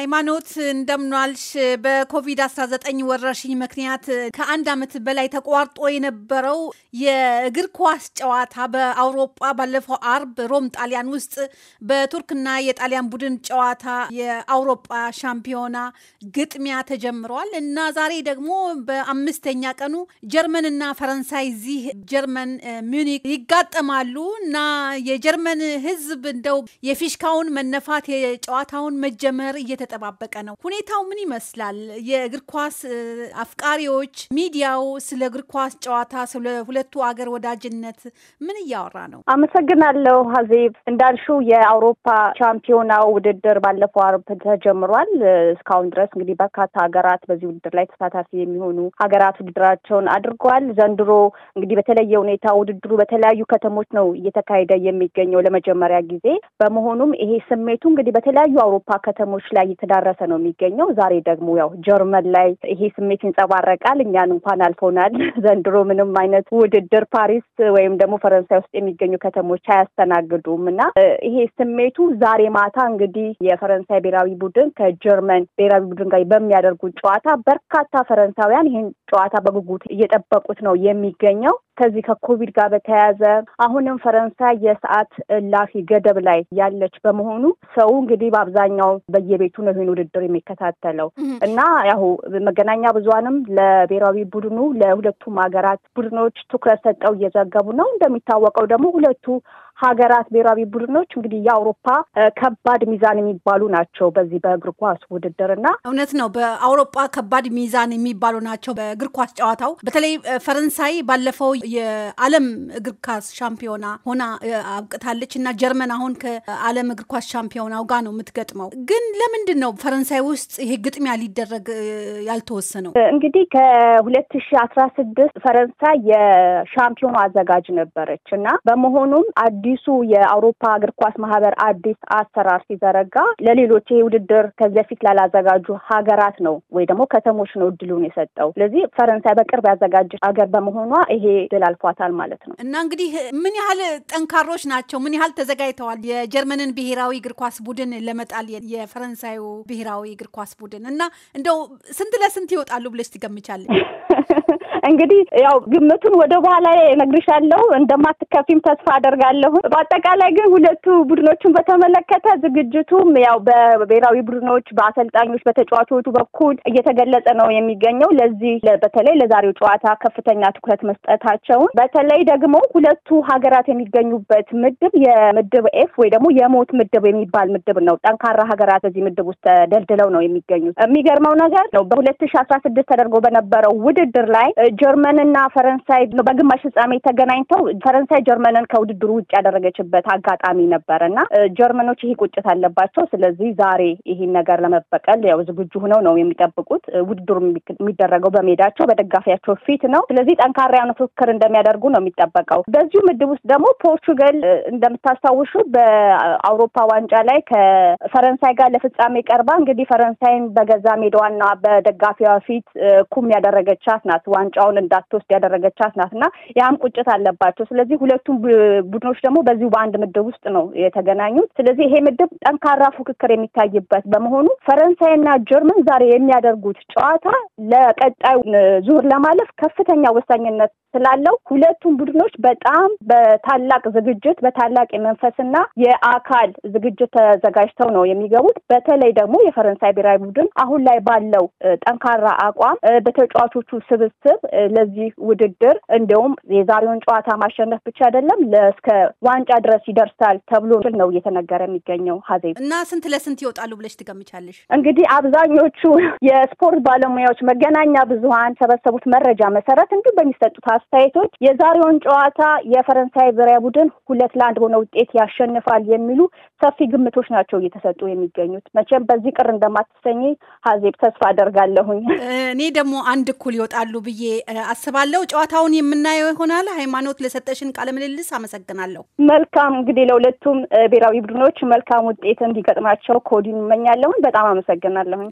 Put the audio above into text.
ሃይማኖት እንደምኗልሽ። በኮቪድ-19 ወረርሽኝ ምክንያት ከአንድ ዓመት በላይ ተቋርጦ የነበረው የእግር ኳስ ጨዋታ በአውሮፓ ባለፈው አርብ ሮም ጣሊያን ውስጥ በቱርክና የጣሊያን ቡድን ጨዋታ የአውሮፓ ሻምፒዮና ግጥሚያ ተጀምረዋል እና ዛሬ ደግሞ በአምስተኛ ቀኑ ጀርመንና ፈረንሳይ እዚህ ጀርመን ሚኒክ ይጋጠማሉ እና የጀርመን ሕዝብ እንደው የፊሽካውን መነፋት የጨዋታውን መጀመር እየተ እየተጠባበቀ ነው። ሁኔታው ምን ይመስላል? የእግር ኳስ አፍቃሪዎች፣ ሚዲያው ስለ እግር ኳስ ጨዋታ፣ ስለ ሁለቱ አገር ወዳጅነት ምን እያወራ ነው? አመሰግናለሁ ሀዜብ። እንዳልሽው የአውሮፓ ሻምፒዮና ውድድር ባለፈው አርብ ተጀምሯል። እስካሁን ድረስ እንግዲህ በርካታ ሀገራት በዚህ ውድድር ላይ ተሳታፊ የሚሆኑ ሀገራት ውድድራቸውን አድርገዋል። ዘንድሮ እንግዲህ በተለየ ሁኔታ ውድድሩ በተለያዩ ከተሞች ነው እየተካሄደ የሚገኘው ለመጀመሪያ ጊዜ በመሆኑም ይሄ ስሜቱ እንግዲህ በተለያዩ አውሮፓ ከተሞች ላይ እየተዳረሰ ነው የሚገኘው። ዛሬ ደግሞ ያው ጀርመን ላይ ይሄ ስሜት ይንጸባረቃል። እኛን እንኳን አልፎናል። ዘንድሮ ምንም አይነት ውድድር ፓሪስ ወይም ደግሞ ፈረንሳይ ውስጥ የሚገኙ ከተሞች አያስተናግዱም እና ይሄ ስሜቱ ዛሬ ማታ እንግዲህ የፈረንሳይ ብሔራዊ ቡድን ከጀርመን ብሔራዊ ቡድን ጋር በሚያደርጉት ጨዋታ በርካታ ፈረንሳውያን ይህን ጨዋታ በጉጉት እየጠበቁት ነው የሚገኘው። ከዚህ ከኮቪድ ጋር በተያያዘ አሁንም ፈረንሳይ የሰዓት እላፊ ገደብ ላይ ያለች በመሆኑ ሰው እንግዲህ በአብዛኛው በየቤቱ ነው ይህን ውድድር የሚከታተለው እና ያው መገናኛ ብዙሃንም ለብሔራዊ ቡድኑ ለሁለቱም ሀገራት ቡድኖች ትኩረት ሰጠው እየዘገቡ ነው። እንደሚታወቀው ደግሞ ሁለቱ ሀገራት ብሔራዊ ቡድኖች እንግዲህ የአውሮፓ ከባድ ሚዛን የሚባሉ ናቸው በዚህ በእግር ኳስ ውድድር እና እውነት ነው በአውሮፓ ከባድ ሚዛን የሚባሉ ናቸው በእግር ኳስ ጨዋታው። በተለይ ፈረንሳይ ባለፈው የአለም እግር ኳስ ሻምፒዮና ሆና አብቅታለች እና ጀርመን አሁን ከአለም እግር ኳስ ሻምፒዮናው ጋር ነው የምትገጥመው። ግን ለምንድን ነው ፈረንሳይ ውስጥ ይሄ ግጥሚያ ሊደረግ ያልተወሰነው? እንግዲህ ከ 2016 ፈረንሳይ የሻምፒዮኑ አዘጋጅ ነበረች እና በመሆኑም አዲ አዲሱ የአውሮፓ እግር ኳስ ማህበር አዲስ አሰራር ሲዘረጋ ለሌሎች ይሄ ውድድር ከዚህ በፊት ላላዘጋጁ ሀገራት ነው ወይ ደግሞ ከተሞች ነው እድሉን የሰጠው። ስለዚህ ፈረንሳይ በቅርብ ያዘጋጀ ሀገር በመሆኗ ይሄ ድል አልፏታል ማለት ነው። እና እንግዲህ ምን ያህል ጠንካሮች ናቸው? ምን ያህል ተዘጋጅተዋል? የጀርመንን ብሔራዊ እግር ኳስ ቡድን ለመጣል የፈረንሳዩ ብሔራዊ እግር ኳስ ቡድን እና እንደው ስንት ለስንት ይወጣሉ ብለሽ ትገምቻለች? እንግዲህ ያው ግምቱን ወደ በኋላ እነግርሻለሁ እንደማትከፊም ተስፋ አደርጋለሁ። በአጠቃላይ ግን ሁለቱ ቡድኖችን በተመለከተ ዝግጅቱም ያው በብሔራዊ ቡድኖች፣ በአሰልጣኞች፣ በተጫዋቾቹ በኩል እየተገለጸ ነው የሚገኘው። ለዚህ በተለይ ለዛሬው ጨዋታ ከፍተኛ ትኩረት መስጠታቸውን በተለይ ደግሞ ሁለቱ ሀገራት የሚገኙበት ምድብ የምድብ ኤፍ ወይ ደግሞ የሞት ምድብ የሚባል ምድብ ነው። ጠንካራ ሀገራት በዚህ ምድብ ውስጥ ተደልድለው ነው የሚገኙት። የሚገርመው ነገር ነው በሁለት ሺ አስራ ስድስት ተደርጎ በነበረው ውድድር ላይ ጀርመንና ፈረንሳይ በግማሽ ፍጻሜ ተገናኝተው ፈረንሳይ ጀርመንን ከውድድሩ ውጭ ያደረገችበት አጋጣሚ ነበር እና ጀርመኖች ይሄ ቁጭት አለባቸው። ስለዚህ ዛሬ ይሄን ነገር ለመበቀል ያው ዝግጁ ሆነው ነው የሚጠብቁት። ውድድሩ የሚደረገው በሜዳቸው በደጋፊያቸው ፊት ነው። ስለዚህ ጠንካራ ፉክክር እንደሚያደርጉ ነው የሚጠበቀው። በዚሁ ምድብ ውስጥ ደግሞ ፖርቹጋል እንደምታስታውሹ በአውሮፓ ዋንጫ ላይ ከፈረንሳይ ጋር ለፍጻሜ ቀርባ እንግዲህ ፈረንሳይን በገዛ ሜዳዋና በደጋፊዋ ፊት ኩም ያደረገቻት ናት ዋንጫ ምርጫውን እንዳትወስድ ያደረገቻት ናት ያም ቁጭት አለባቸው። ስለዚህ ሁለቱም ቡድኖች ደግሞ በዚሁ በአንድ ምድብ ውስጥ ነው የተገናኙት። ስለዚህ ይሄ ምድብ ጠንካራ ፉክክር የሚታይበት በመሆኑ ፈረንሳይና ጀርመን ዛሬ የሚያደርጉት ጨዋታ ለቀጣዩ ዙር ለማለፍ ከፍተኛ ወሳኝነት ስላለው ሁለቱም ቡድኖች በጣም በታላቅ ዝግጅት በታላቅ የመንፈስና የአካል ዝግጅት ተዘጋጅተው ነው የሚገቡት። በተለይ ደግሞ የፈረንሳይ ብሔራዊ ቡድን አሁን ላይ ባለው ጠንካራ አቋም በተጫዋቾቹ ስብስብ ለዚህ ውድድር እንዲሁም የዛሬውን ጨዋታ ማሸነፍ ብቻ አይደለም እስከ ዋንጫ ድረስ ይደርሳል ተብሎ ነው እየተነገረ የሚገኘው። ሀዜብ እና ስንት ለስንት ይወጣሉ ብለሽ ትገምቻለሽ? እንግዲህ አብዛኞቹ የስፖርት ባለሙያዎች መገናኛ ብዙሀን ሰበሰቡት መረጃ መሰረት እንዲሁም በሚሰጡት አስተያየቶች የዛሬውን ጨዋታ የፈረንሳይ ብሔራዊ ቡድን ሁለት ለአንድ በሆነ ውጤት ያሸንፋል የሚሉ ሰፊ ግምቶች ናቸው እየተሰጡ የሚገኙት። መቼም በዚህ ቅር እንደማትሰኝ ሀዜብ ተስፋ አደርጋለሁኝ። እኔ ደግሞ አንድ እኩል ይወጣሉ ብዬ አስባለሁ። ጨዋታውን የምናየው ይሆናል። ሃይማኖት፣ ለሰጠሽን ቃለ ምልልስ አመሰግናለሁ። መልካም እንግዲህ ለሁለቱም ብሔራዊ ቡድኖች መልካም ውጤት እንዲገጥማቸው ኮዲን እመኛለሁን። በጣም አመሰግናለሁኝ።